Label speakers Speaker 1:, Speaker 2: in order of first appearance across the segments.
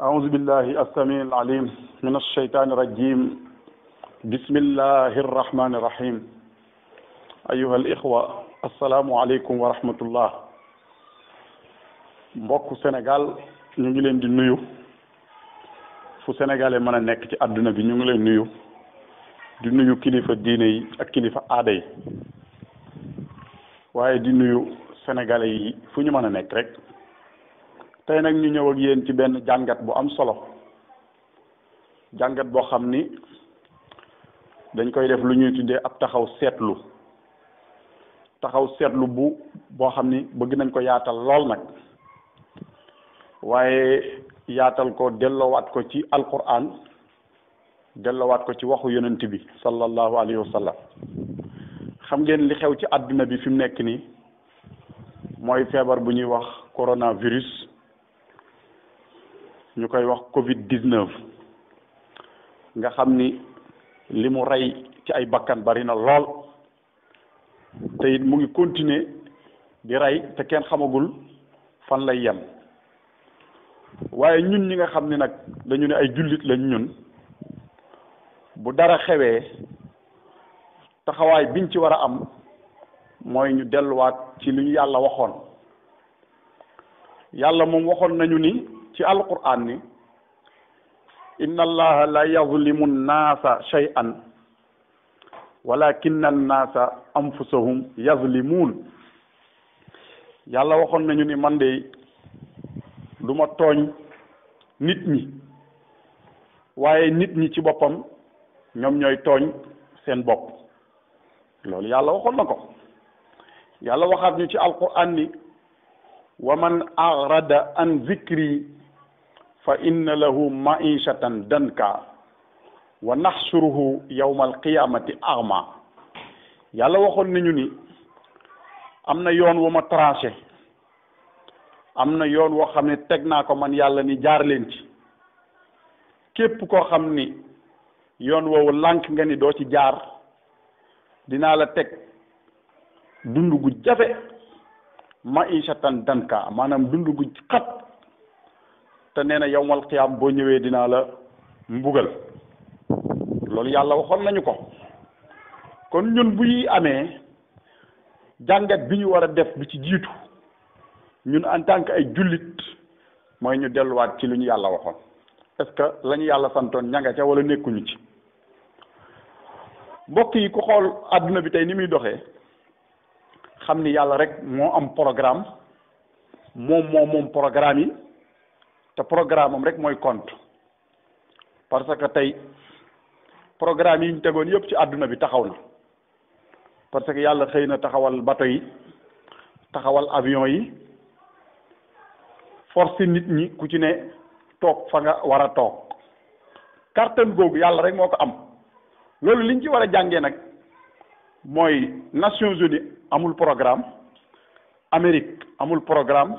Speaker 1: أعوذ بالله السميع العليم من الشيطان الرجيم بسم الله الرحمن الرحيم أيها الإخوة السلام عليكم ورحمة الله mbokku Sénégal ñu ngi leen di nuyu fu sénégalais mën a nekk ci àdduna bi ñu ngi leen nuyu di nuyu kilifa diine yi ak kilifa aada yi waaye di nuyu sénégalais yi fu ñu mën a nekk rek tey nag ñu ñëw ak yéen ci benn jàngat bu am solo jàngat boo xam ni dañ koy def lu ñuy tuddee ab taxaw seetlu taxaw seetlu bu boo xam ni bëgg nañ ko yaatal lool nag waaye yaatal ko delloowaat ko ci alquran dellowaat ko ci waxu yonent bi sallallahu alayhi wa xam ngeen li xew ci àdduna bi fi mu nekk nii mooy feebar bu ñuy wax coronavirus ñu koy wax Covid 19 nga xam ni li mu rey ci ay bakkan bari na lool te mu ngi continuer di rey te kenn xamagul fan lay yem waaye ñun ñi nga xam ni nag dañu ne ay jullit lañ ñun. bu dara xewee taxawaay biñ ci war a am mooy ñu delluwaat ci li yàlla waxoon yàlla moom waxoon nañu ni ci alquran ni inna allaha la yazlimu nnaasa shay'an walakinna nnaasa anfusahum yazlimuun yàlla waxoon nañu ni man de duma tooñ nit ñi waaye nit ñi ci boppam ñoom ñooy tooñ seen bopp loolu yàlla waxoon na ko yàlla waxaat ñu ci alquran ni wa man arada an zikri fa inna lahu maishatan danka wa naxsuruhu yawma alqiyamati ama yàlla waxoon nañu ni am na yoon wu ma tracé am na yoon woo xam ne teg naa ko man yàlla ni jaar leen ci képp koo xam ni yoon woowu lànk nga ni doo ci jaar dinaa la teg dund gu jafe ma ishatan danka maanaam dund gu xat te nee na yowmal xiyaam boo ñëwee dinaa la mbugal loolu yàlla waxoon nañu ko kon ñun bu amee jàngat bi ñu war a def bi ci jiitu ñun en tant que ay jullit mooy ñu delluwaat ci lu ñu yàlla waxoon est-ce que la yàlla santoon ña ca wala nekkuñu ci mbokk yi ku xool àdduna bi tey ni muy doxee xam ni yàlla rek moo am programme moom moo moom programme yi te programme am rek mooy compte parce que tey programme yi ñu tegoon yëpp ci àdduna bi taxaw na parce que yàlla xëy na taxawal bato yi taxawal avion yi force nit ñi ku ci ne toog fa nga war a toog kàttan googu yàlla rek moo ko am loolu liñ ci war a jàngee nag mooy Nations Unies amul programme Amérique amul programme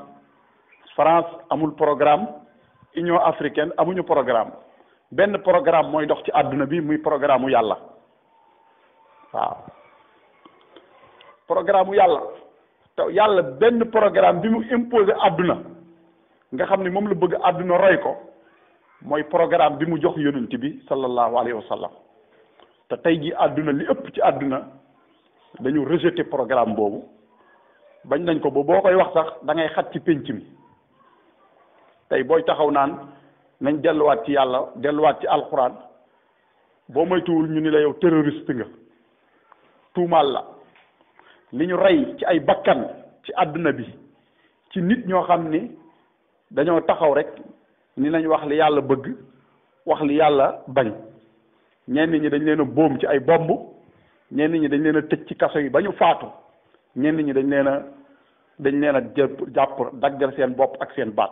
Speaker 1: France amul programme Union africain amuñu programme benn programme mooy dox ci àdduna bi muy programme mu yàlla waaw programme mu yàlla te yàlla benn programme bi mu imposé àdduna nga xam ni moom la bëgg àdduna roy ko mooy programme bi mu jox yonent bi sallallahu alayhi wa te tey jii àdduna li ëpp ci àdduna dañu rejeté programme boobu bañ nañ ko ba boo koy wax sax dangay ngay xat ci pénc mi tey booy taxaw naan nañ delluwaat ci yàlla delluwaat ci alxuraan boo moytuwul ñu ni la yow terroriste nga tuumaal la li ñu rey ci ay bakkan ci àdduna bi ci nit ñoo xam ni dañoo taxaw rek ni nañu wax li yàlla bëgg wax li yàlla bañ ñenn ñi dañ leen a boom ci ay bomb ñenn ñi dañ leen a tëj ci kaso yi ba ñu faatu ñenn ñi dañ leen a dañ leen a jàpp daggal seen bopp ak seen baat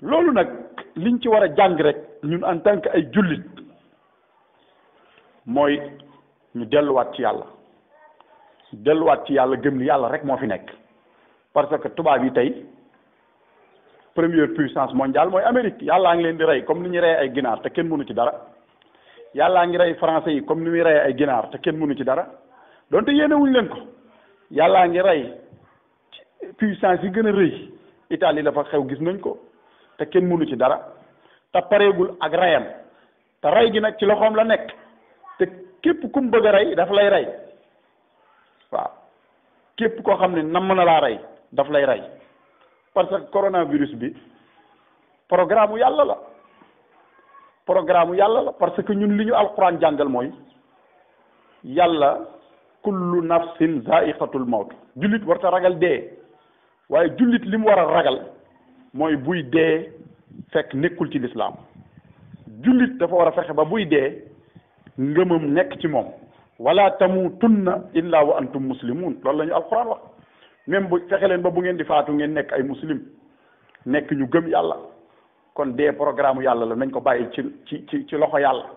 Speaker 1: loolu nag liñ ci war a jàng rek ñun en tant que ay jullit mooy ñu delluwaat ci yàlla delluwaat ci yàlla gëm ni yàlla rek moo fi nekk parce que tubaab yi tey première puissance mondiale mooy Amérique yàllaa ngi leen di rey comme ni ñu rey ay ginaar te kenn mënu ci dara yàllaa ngi rey français yi comme ni muy rey ay ginaar te kenn mënu ci dara donte yéene wuñ leen ko yàllaa ngi rey puissance yi gën a rëy itali la xew gis nañ ko te kenn mënu ci dara te pareegul ak reyam te rey gi nag ci loxoom la nekk te képp ku mu bëgg a rey daf lay rey waaw képp koo xam ne namm na laa rey daf lay rey parce que coronavirus bi programme yàlla la. programme yàlla la parce que ñun li ñu alquran jàngal mooy yàlla kullu nafsin zaiqatul mawt jullit warta ragal dee waaye jullit li mu war a ragal mooy buy dee fekk nekkul ci lislaam jullit dafa war a fexe ba buy dee ngëmam nekk ci moom wala tamutunna illa wa antum muslimun loolu la ñu alquran wax même bu fexe leen ba bu ngeen di faatu ngeen nekk ay muslim nekk ñu gëm yàlla kon dee programme yàlla la nañ ko bàyyi ci ci ci ci loxo yàlla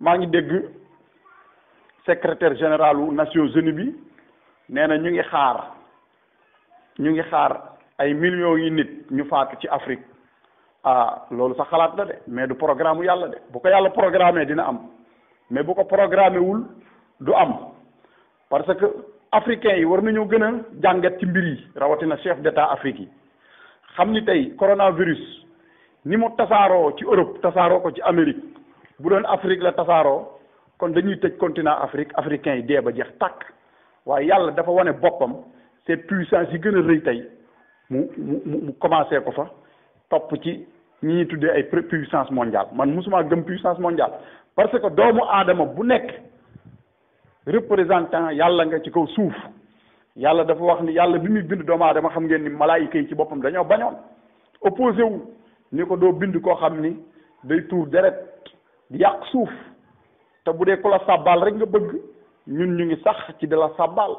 Speaker 1: maa ngi dégg secretaire général wu Nations Unies bi nee na ñu ngi xaar ñu ngi xaar ay millions yi nit ñu faatu ci Afrique ah loolu sa xalaat la de mais du programme yàlla de bu ko yàlla programmé dina am mais bu ko programmé wul du am parce que africains yi war nañoo gën a jàngat ci mbir yi rawatina chef d'état Afrique yi. xam ni tey coronavirus ni mu tasaaroo ci Europe tasaaroo ko ci Amérique bu doon Afrique la tasaaroo kon dañuy tëj continent Afrique africain yi dee ba jeex tàkk waaye yàlla dafa wane boppam ces puissances yi gën a rëy tey mu mu mu commencé ko fa topp ci ñi ñuy tuddee ay puissance mondiale man mosuma gëm puissance mondiale parce que doomu aadama bu nekk représentant yàlla nga ci kaw suuf yàlla dafa wax ni yàlla bi muy bind doomu aadama xam ngeen ni malaayika yi ci boppam dañoo bañoon opposé wu ni ko doo bind koo xam ni day tuur deret di yàq suuf te bu dee ku la sàbbaal rek nga bëgg ñun ñu ngi sax ci di la sàbbaal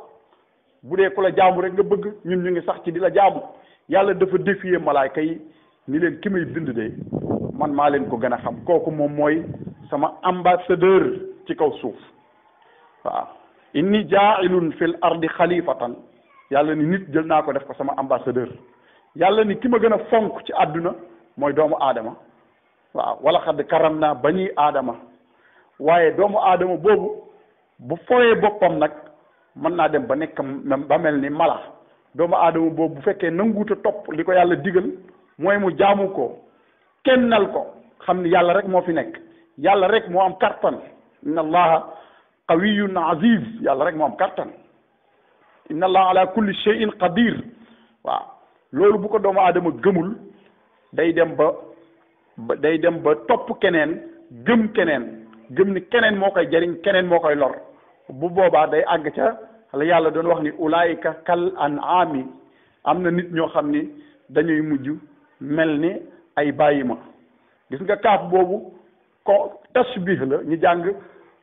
Speaker 1: bu dee ku la jaamu rek nga bëgg ñun ñu ngi sax ci di la jaamu yàlla dafa défier malaayika yi ni leen ki may bind de man maa leen ko gën a xam kooku moom mooy sama ambassadeur ci kaw suuf waaw inni jaailun fil ardi xalifatan yàlla ni nit jël naa ko def ko sama ambassadeur yàlla ni ki ma gën a fonk ci àdduna mooy doomu aadama waaw wala xadd karam naa ba ñuy aadama waaye doomu aadama boobu bu fooyee boppam nag mën naa dem ba nekk ba mel ni mala doomu aadama boobu bu fekkee nanguuta topp li ko yàlla digal mooy mu jaamu ko kenn nal ko xam ni yàlla rek moo fi nekk yàlla rek moo am kartan inna allaha qawiyun aziz yàlla rek moom kattan inna allah ala kulli shay'in qadir waaw loolu bu ko doomu aadama gëmul day dem ba day dem ba topp keneen gëm keneen gëm ni keneen moo koy jariñ keneen moo koy lor bu boobaa day àgg ca la yàlla doon wax ni ulaayika kal an'aami am na nit ñoo xam ni dañuy mujj mel ni ay bàyyi ma nga kaaf boobu ko tasbih la ñu jàng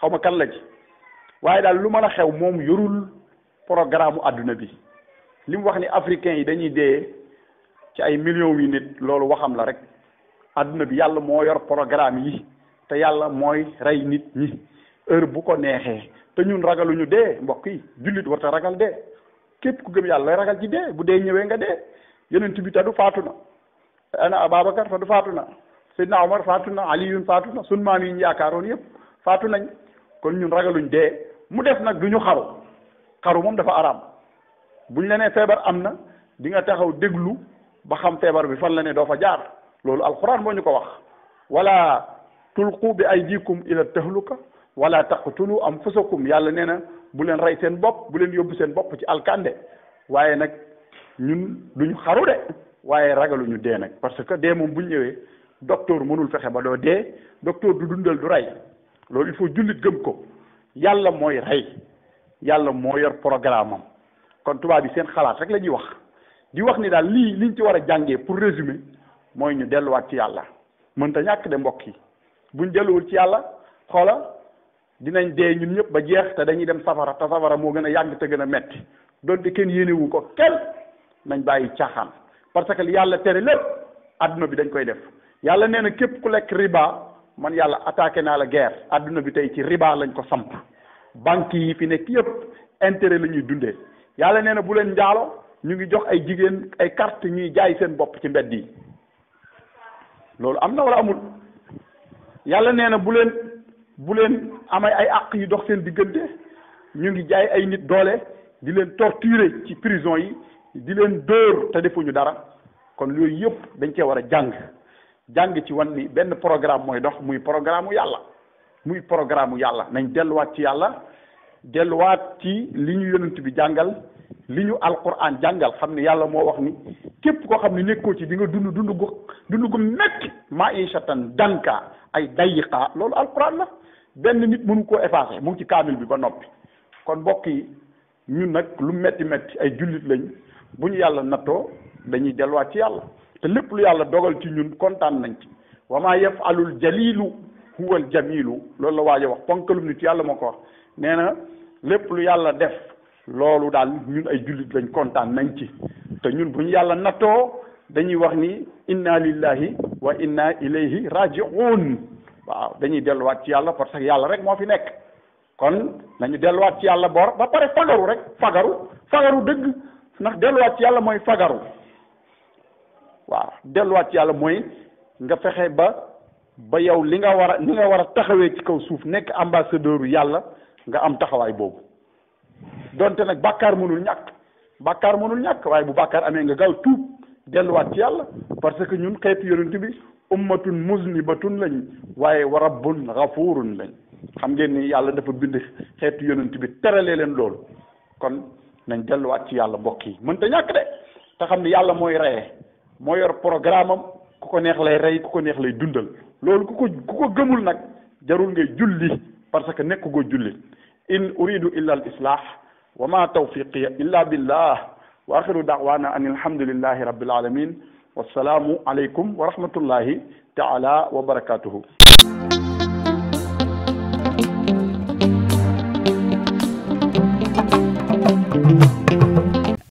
Speaker 1: xaw ma kan la ci waaye daal lu mën a xew moom yorul programme àdduna bi li mu wax ni africain yi dañuy dee ci ay millions yi nit loolu waxam la rek àdduna bi yàlla moo yor programme yi te yàlla mooy rey nit ñi heure bu ko neexee te ñun ragaluñu dee mbokk yi jullit warta ragal dee képp ku gëm yàlla lay ragal ci dee bu dee ñëwee nga dee yonent bi tadu faatu na ana Ababacar tadu faatu na Seydina Omar faatu na Aliyun faatu na sunu maam yi ñu yaakaaroon yëpp faatu nañ kon ñun ragaluñ dee mu def nag du ñu xaru xaru moom dafa araam buñ la nee feebar am na di nga taxaw déglu ba xam feebar bi fan la ne doo fa jaar loolu alquran moo ñu ko wax wala tulqu bi aydikum ila tahluka wala taqtulu anfusakum yàlla nee na bu leen rey seen bopp bu leen yóbbu seen bopp ci alkande waaye nag ñun duñu xaru de waaye ragaluñu dee nag parce que dee moom bu ñëwee docteur mënul fexe ba doo dee docteur du dundal du rey loolu il faut jullit gëm ko yàlla mooy rey yàlla moo yor programme am kon tubaab yi seen xalaat rek la ñuy wax di wax ni daal lii liñ ci war a jàngee pour résumer mooy ñu delluwaat ci yàlla mënta ñàkk de mbokk yi buñ delluwul ci yàlla xoola dinañ dee ñun ñëpp ba jeex te dañuy dem safara te safara moo gën a yàgg te gën a metti donte kenn yéenewu ko kenn nañ bàyyi caaxaan parce que yàlla tere lépp àdduna bi dañ koy def yàlla nee na képp ku lekk riba man yàlla attaqué naa la guerre àdduna bi tey ci riba lañ ko samp banque yi fi nekk yëpp intérêt la ñuy dundee yàlla nee na bu leen njaalo ñu ngi jox ay jigéen ay carte ñuy jaay seen bopp ci mbedd yi loolu am na wala amul yàlla nee na bu leen bu leen amee ay àq yu dox seen diggante ñu ngi jaay ay nit doole di leen torturer ci prison yi di leen dóor te defuñu dara kon loolu yëpp dañ cee war a jàng jàng ci wan ni benn programme mooy dox muy programme yàlla muy programme yàlla nañ delluwaat ci yàlla delluwaat ci li ñu yonent bi jàngal li ñu alquran jàngal xam ne yàlla moo wax ni képp koo xam ne nekkoo ci di nga dund dund gu dund gu metti maa ishatan danka ay dayiqa loolu alquran la benn nit mënu koo effacé mu ci kaamil bi ba noppi kon mbokk yi ñun nag lu metti metti ay jullit lañ bu ñu yàlla nattoo dañuy delluwaat ci yàlla te lépp lu yàlla dogal ci ñun kontaan nañ ci wa maa yafalul jalilu huwal jamilu loolu la waajo wax ponkalum nit yàlla moo ko nee na lépp lu yàlla def loolu daal ñun ay jullit lañ kontaan nañ ci te ñun bu ñu yàlla nattoo dañuy wax ni inna lillahi wa inna ilayhi rajiun waaw dañuy delluwaat ci yàlla parce que yàlla rek moo fi nekk kon nañu delluwaat ci yàlla bor ba pare fagaru rek fagaru fagaru dëgg ndax delluwaat ci yàlla mooy fagaru waaw delluwaat ci yàlla mooy nga fexe ba ba yow li nga war a li nga war a taxawee ci kaw suuf nekk ambassadeur yàlla nga am taxawaay boobu doonte nag bàkkaar mënul ñàkk bàkkaar mënul ñàkk waaye bu bàkkaar amee nga gaaw tuub delluwaat ci yàlla parce que ñun xeetu yonent bi ummatun musnibatun lañ waaye wa rabbun ghafurun lañ xam ngeen ni yàlla dafa bind xeetu yonent bi teralee leen loolu kon nañ delluwaat ci yàlla mbokk yi mënta ñàkk de te xam ne yàlla mooy reye moo yor programme am ku ko neex lay ray ku ko neex lay dundal lolou ku ko ku ko gëmul nak jarul ngay julli parce que nekk go julli in uridu illa al islah wa ma tawfiqiya illa billah wa akhiru da'wana an alhamdulillahi rabbil alamin wassalamu والسلام عليكم ورحمة الله تعالى وبركاته